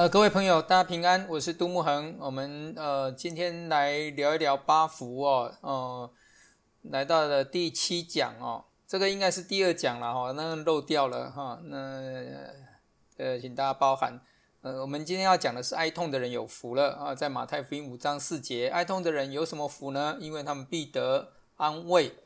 呃，各位朋友，大家平安，我是杜慕恆。我們呃，今天來聊一聊八福哦，哦、呃，來到了第七講哦，這個應該是第二講了哈、哦，那漏掉了哈、哦，那呃，請大家包涵。呃，我們今天要講的是哀慟的人有福了啊，在馬太福音五章四節，哀慟的人有什麼福呢？因為他們必得安慰。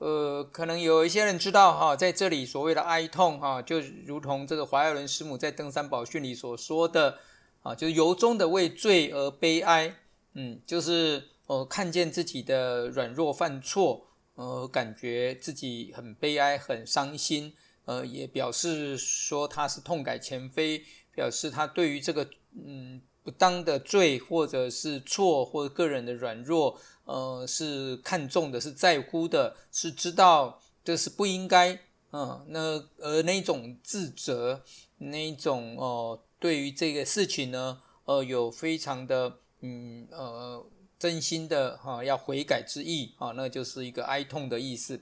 呃，可能有一些人知道哈、啊，在這裡所謂的哀痛哈、啊，就如同這個華爾倫師母在《登山寶訓》裡所說的啊，就由衷的為罪而悲哀，嗯，就是、呃、看見自己的軟弱犯錯，呃、感覺自己很悲哀，很傷心，呃，也表示說他是痛改前非，表示他對於這個嗯不當的罪或者是錯或者個人的軟弱。呃，是看重的，是在乎的，是知道這是不應該，啊、嗯，那而那種自責，那種哦、呃，對於這個事情呢，呃，有非常的嗯呃真心的哈、啊，要悔改之意啊，那就是一個哀慟的意思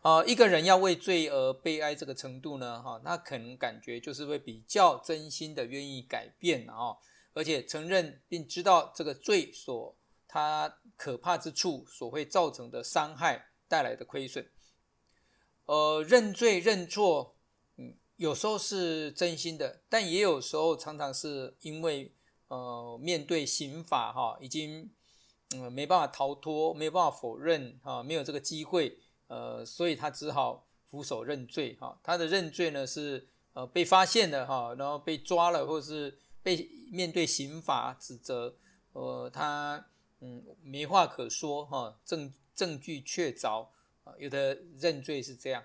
啊。一個人要為罪而悲哀這個程度呢，哈、啊，那可能感覺就是會比較真心的願意改變啊，而且承認並知道這個罪所。他可怕之處所會造成的傷害帶來的虧損，呃，認罪認錯，嗯，有時候是真心的，但也有時候常常是因為呃，面對刑法哈，已經嗯沒辦法逃脫，沒辦法否認哈，沒有這個機會，呃，所以他只好俯首認罪哈。他的認罪呢是呃被發現的哈，然後被抓了，或是被面對刑法指責，呃，他。嗯，沒話可說哈，證、證據確鑿，有的認罪是這樣，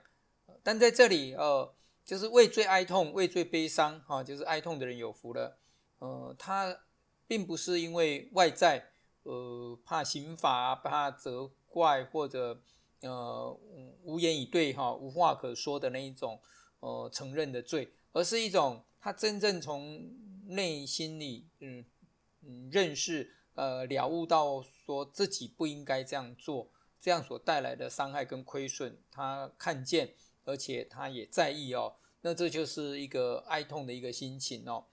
但在這裡呃，就是為罪哀痛，為罪悲傷哈，就是哀痛的人有福了，呃，他並不是因為外在呃怕刑罰，怕責怪或者呃無言以對哈，無話可說的那一種呃承認的罪，而是一種他真正從內心裡嗯嗯認識。呃，了悟到說自己不應該這樣做，這樣所帶來的傷害跟虧損，他看見，而且他也在意哦，那這就是一個哀痛的一個心情哦。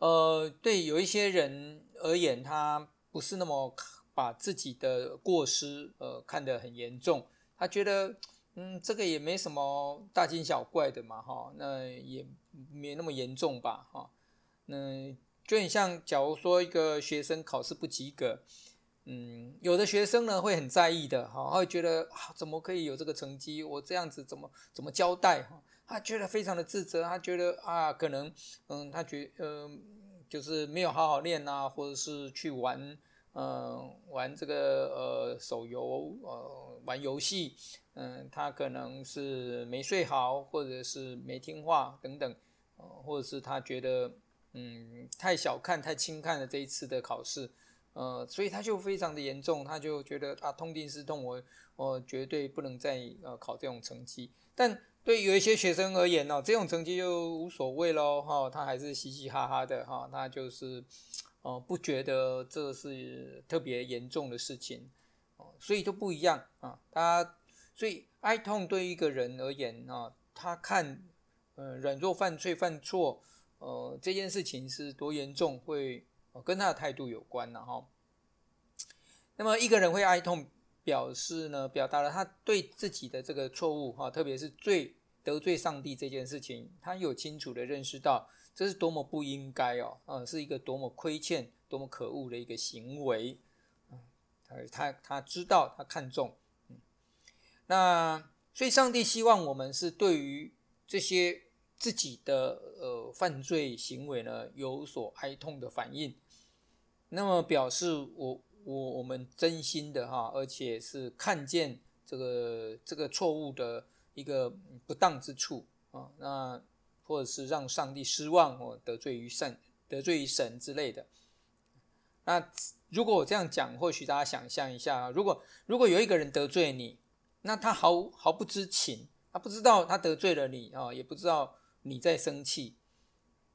呃，對有一些人而言，他不是那麼把自己的過失，呃，看得很嚴重，他覺得，嗯，這個也沒什麼大驚小怪的嘛，哈，那也沒那麼嚴重吧，哈，那。就很像，假如說一個學生考試不及格，嗯，有的學生呢會很在意的，哈，他會覺得、啊、怎麼可以有這個成績？我這樣子怎麼怎麼交代？哈、啊，他覺得非常的自責，他覺得啊，可能，嗯，他覺嗯、呃，就是沒有好好練啊，或者是去玩，嗯、呃，玩這個呃手遊，呃，玩遊戲，嗯，他可能是沒睡好，或者是沒聽話等等、呃，或者是他覺得。嗯，太小看、太輕看了這一次的考試，呃，所以他就非常的嚴重，他就覺得啊，痛定思痛，我我、呃、絕對不能再、呃、考這種成績。但對有一些學生而言呢、哦，這種成績就無所謂咯，哈、哦，他還是嘻嘻哈哈的，哈、哦，他就是哦、呃，不覺得這是特別嚴重的事情，哦、所以就不一樣啊、哦。他所以哀痛對一個人而言啊、哦，他看呃軟弱犯罪犯、犯錯。呃，這件事情是多嚴重，會跟他的態度有關了、啊、哈。那麼一個人會哀慟，表示呢，表達了他對自己的這個錯誤哈，特別是最得罪上帝這件事情，他有清楚的認識到這是多麼不應該哦，嗯、呃，是一個多麼虧欠、多麼可惡的一個行為。他他知道他看重，嗯、那所以上帝希望我們是對於這些自己的呃。犯罪行為呢，有所哀痛的反應，那麼表示我我我們真心的哈，而且是看見這個這個錯誤的一個不當之處啊，那或者是讓上帝失望哦，得罪於聖得罪於神之類的。那如果我這樣講，或許大家想象一下，如果如果有一個人得罪你，那他毫毫不知情，他不知道他得罪了你啊，也不知道你在生氣。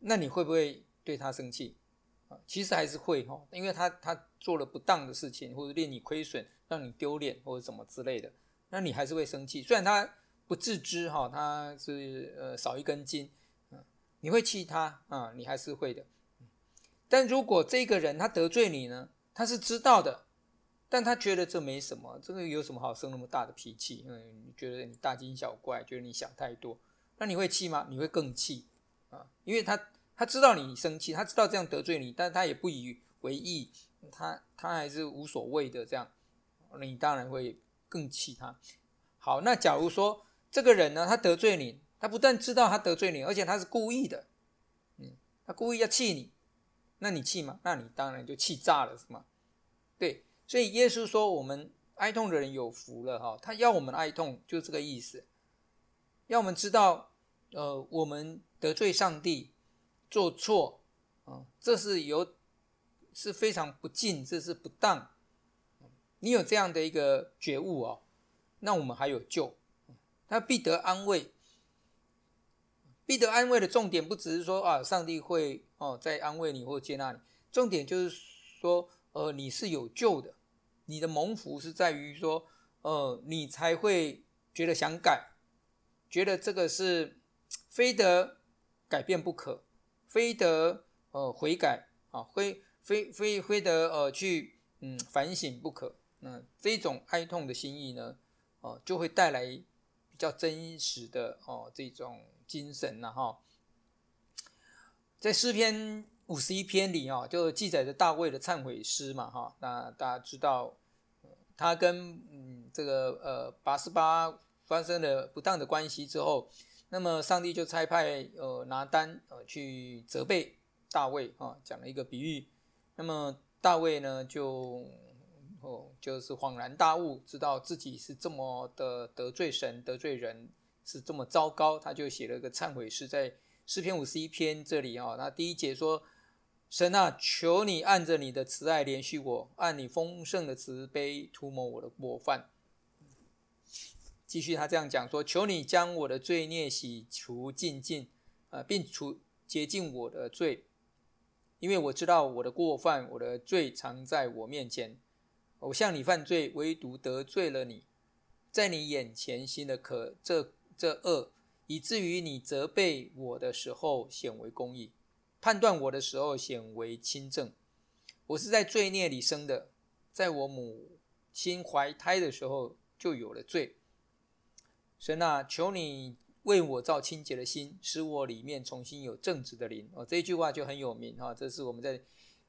那你會不會對他生氣？其實還是會哈，因為他他做了不當的事情，或者令你虧損，讓你丟臉，或者什麼之類的，那你還是會生氣。雖然他不自知哈，他是呃少一根筋，嗯，你會氣他啊？你還是會的。但如果這個人他得罪你呢？他是知道的，但他覺得這沒什麼，這個有什麼好生那麼大的脾氣？嗯，你覺得你大驚小怪，覺得你想太多，那你會氣嗎？你會更氣。因為他他知道你生氣，他知道這樣得罪你，但他也不以為意，他他還是無所謂的這樣，你當然會更氣他。好，那假如說這個人呢，他得罪你，他不但知道他得罪你，而且他是故意的，嗯，他故意要氣你，那你氣嗎？那你當然就氣炸了，是嗎？對，所以耶穌說，我們哀慟的人有福了，哈，他要我們哀慟，就這個意思，要我們知道。呃，我們得罪上帝，做錯，啊，這是有是非常不敬，這是不當。你有這樣的一個覺悟哦，那我們還有救，他必得安慰。必得安慰的重點不只是說啊，上帝會哦在安慰你或接納你，重點就是說，呃，你是有救的，你的蒙福是在於說，呃，你才會覺得想改，覺得這個是。非得改變不可，非得呃悔改啊，非非非非得呃去嗯反省不可。嗯、這種哀痛的心意呢，哦、呃，就會帶來比較真實的哦、呃、這種精神哈、啊。在詩篇五十一篇裡啊，就記載着大衛的懺悔詩嘛哈、啊。那大家知道，他跟嗯這個呃拔示巴發生了不當的關係之後。那麼上帝就差派呃拿單呃去責備大衛啊、哦，講了一個比喻。那麼大衛呢就哦就是恍然大悟，知道自己是這麼的得罪神、得罪人是這麼糟糕，他就寫了一個懺悔詩，在詩篇五十一篇這裡啊、哦。那第一節說：神啊，求你按着你的慈愛憐恤我，按你豐盛的慈悲塗抹我的過犯。繼續，他這樣講說：“求你將我的罪孽洗除淨盡，啊、呃，並除潔淨我的罪，因為我知道我的過犯，我的罪常在我面前。我向你犯罪，唯獨得罪了你，在你眼前行的可這這惡，以至於你責備我的時候顯為公義，判斷我的時候顯為清正。我是在罪孽裡生的，在我母親懷胎的時候就有了罪。”所以、啊，那求你為我造清潔的心，使我裡面重新有正直的靈。哦，這一句話就很有名哈、哦，這是我們在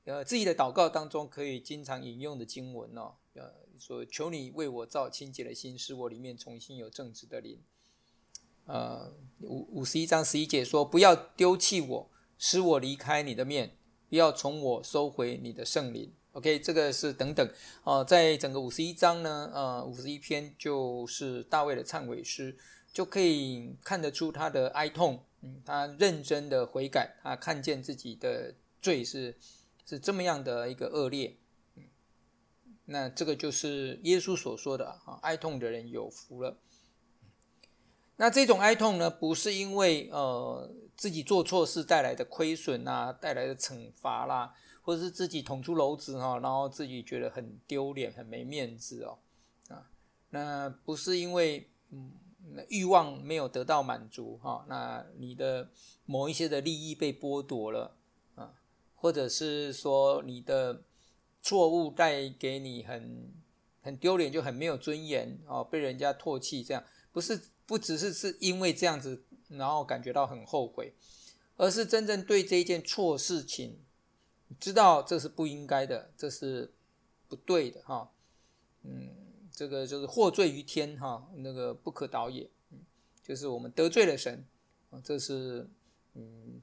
呃自己的禱告當中可以經常引用的經文哦。呃，說求你為我造清潔的心，使我裡面重新有正直的靈。呃，五五十一章十一節說：不要丟棄我，使我離開你的面；不要從我收回你的聖靈。OK，這個是等等哦、呃，在整個五十一章呢，呃，五十一篇就是大衛的懺悔詩，就可以看得出他的哀慟，嗯，他認真的悔改，他看見自己的罪是是這麼樣的一個惡劣，嗯，那這個就是耶穌所說的啊，哀慟的人有福了。那這種哀慟呢，不是因為呃自己做錯事帶來的虧損啊，帶來的懲罰啦、啊。或是自己捅出簍子哈，然後自己覺得很丟臉、很沒面子哦，啊，那不是因為慾望沒有得到滿足哈，那你的某一些的利益被剝奪了啊，或者是說你的錯誤帶給你很很丟臉，就很沒有尊嚴哦，被人家唾棄這樣，不是不只是是因為這樣子，然後感覺到很後悔，而是真正對這件錯事情，知道這是不應該的，這是不對的哈，嗯，這個就是獲罪於天哈，那個不可禱也，嗯，就是我們得罪了神啊，這是嗯，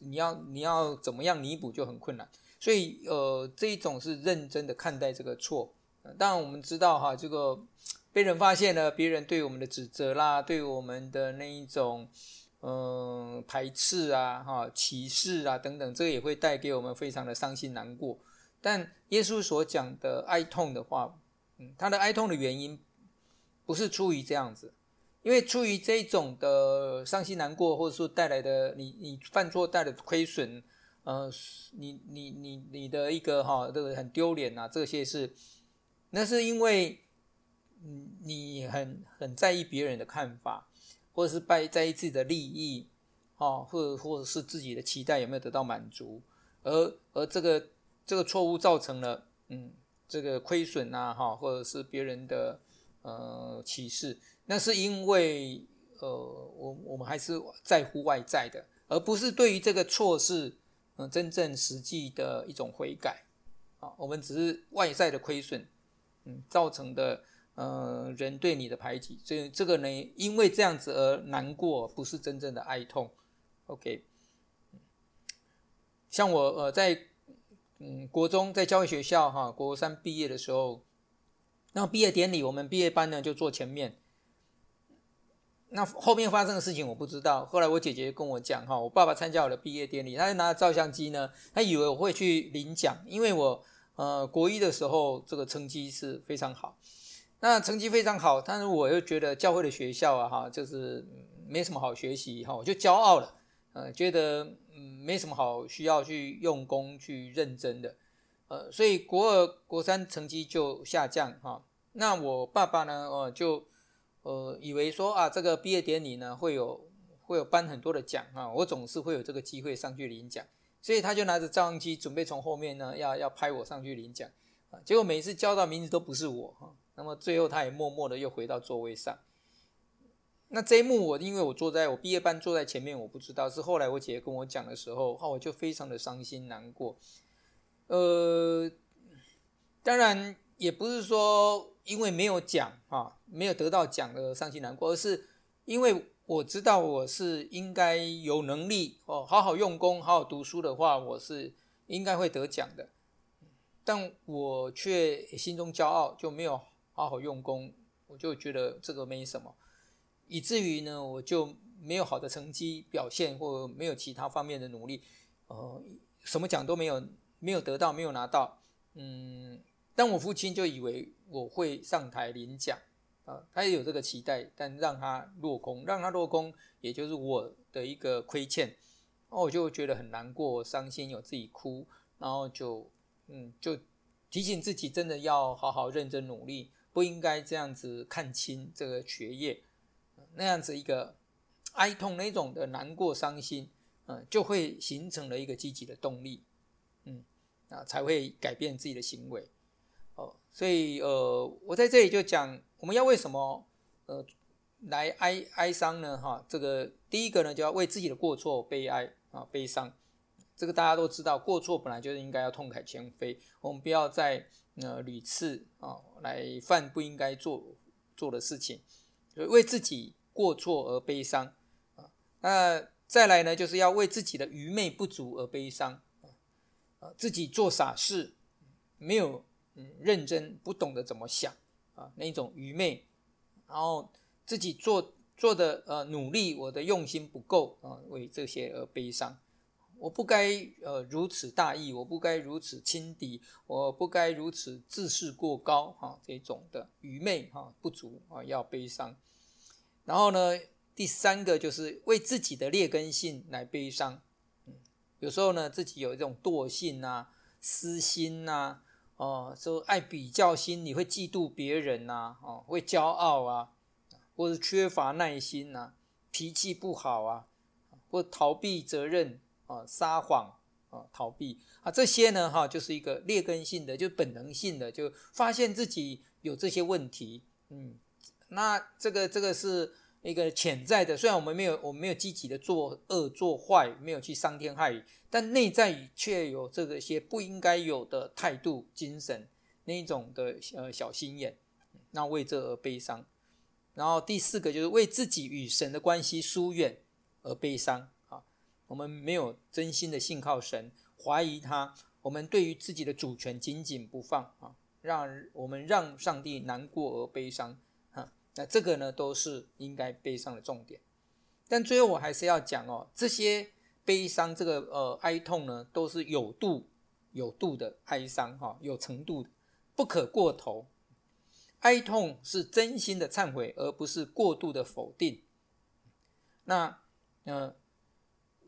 你要你要怎麼樣彌補就很困難，所以呃，這一種是認真的看待這個錯，當然我們知道哈，這個被人發現了，別人對我們的指責啦，對我們的那一種。嗯，排斥啊，哈，歧視啊，等等，這個也會帶給我們非常的傷心難過。但耶穌所講的哀慟的話，嗯，他的哀慟的原因不是出於這樣子，因為出於這種的傷心難過，或者說帶來的你你犯錯帶來的虧損，呃，你你你你的一個哈，這個很丟臉啊，這些事，那是因為你很很在意別人的看法。或者是敗在意自己的利益，哈，或或者是自己的期待有沒有得到滿足，而而這個這個錯誤造成了，嗯，這個虧損啊，哈，或者是別人的呃歧視，那是因為呃，我我們還是在乎外在的，而不是對於這個錯事，嗯，真正實際的一種悔改，啊，我們只是外在的虧損，嗯，造成的。呃，人對你的排擠，所以這個呢，因為這樣子而難過，不是真正的哀痛。OK，像我呃在嗯國中在教育學校哈，國三畢業的時候，那畢業典禮我們畢業班呢就坐前面，那後面發生的事情我不知道。後來我姐姐跟我講哈，我爸爸參加我的畢業典禮，他就拿照相機呢，他以為我會去領獎，因為我呃國一的時候這個成績是非常好。那成績非常好，但是我又覺得教會的學校啊，哈，就是沒什麼好學習哈，我就驕傲了，呃，覺得沒什麼好需要去用功去認真的，呃，所以國二、國三成績就下降哈、呃。那我爸爸呢，哦、呃，就呃以為說啊，這個畢業典禮呢會有會有頒很多的獎啊，我總是會有這個機會上去領獎，所以他就拿着照相機準備從後面呢要要拍我上去領獎。啊！結果每一次叫到名字都不是我哈，那麼最後他也默默的又回到座位上。那這一幕我因為我坐在我畢業班坐在前面，我不知道是後來我姐姐跟我講的時候，我就非常的傷心難過。呃，當然也不是說因為沒有獎啊，沒有得到獎的傷心難過，而是因為我知道我是應該有能力哦，好好用功，好好讀書的話，我是應該會得獎的。但我卻心中驕傲，就沒有好好用功，我就覺得這個沒什麼，以至於呢，我就沒有好的成績表現，或沒有其他方面的努力，呃，什麼獎都沒有，沒有得到，沒有拿到，嗯，但我父親就以為我會上台領獎啊，呃，他也有這個期待，但讓他落空，讓他落空，也就是我的一個虧欠，我就覺得很難過，傷心，有自己哭，然後就。嗯，就提醒自己，真的要好好認真努力，不應該這樣子看輕這個學業，那樣子一個哀痛那種的難過傷心，嗯，就會形成了一個積極的動力，嗯啊，才會改變自己的行為。哦，所以呃，我在這裡就講，我們要為什麼呃來哀哀傷呢？哈，這個第一個呢，就要為自己的過錯悲哀啊悲傷。這個大家都知道，過錯本來就是應該要痛改前非，我們不要再呃屢次啊、呃、來犯不應該做做的事情，為自己過錯而悲傷那、呃、再來呢，就是要為自己的愚昧不足而悲傷、呃、自己做傻事，沒有嗯認真，不懂得怎麼想啊、呃、那種愚昧，然後自己做做的呃努力，我的用心不夠啊、呃，為這些而悲傷。我不該呃如此大意，我不該如此輕敵，我不該如此自視過高哈、啊，這種的愚昧哈、啊、不足啊要悲傷。然後呢，第三個就是為自己的劣根性來悲傷。嗯、有時候呢自己有一種惰性吶、啊、私心吶、啊，哦、啊，說愛比較心，你會嫉妒別人吶、啊，哦、啊，會驕傲啊，或者缺乏耐心吶、啊，脾氣不好啊，或逃避責任。啊、哦，撒謊啊、哦，逃避啊，這些呢，哈，就是一個劣根性的，就是本能性的，就發現自己有這些問題。嗯，那這個這個是一個潛在的，雖然我們沒有，我們沒有積極的做惡做壞，沒有去傷天害理，但內在卻有這個些不應該有的態度、精神那一種的呃小心眼，那為這而悲傷。然後第四個就是為自己與神的關係疏遠而悲傷。我們沒有真心的信靠神，懷疑他；我們對於自己的主權緊緊不放啊，讓我們讓上帝難過而悲傷。那這個呢，都是應該悲傷的重點。但最後我還是要講哦，這些悲傷這個呃哀痛呢，都是有度有度的哀傷，哈，有程度的，不可過頭。哀痛是真心的懺悔，而不是過度的否定。那嗯。呃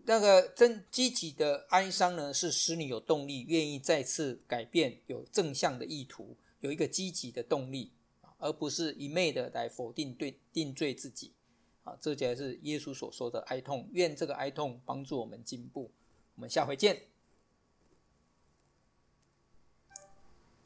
那個真積極的哀傷呢，是使你有動力，願意再次改變，有正向的意圖，有一個積極的動力，而不是一昧的來否定對，定罪自己啊。這才是耶穌所說的哀痛，願這個哀痛幫助我們進步。我們下回見。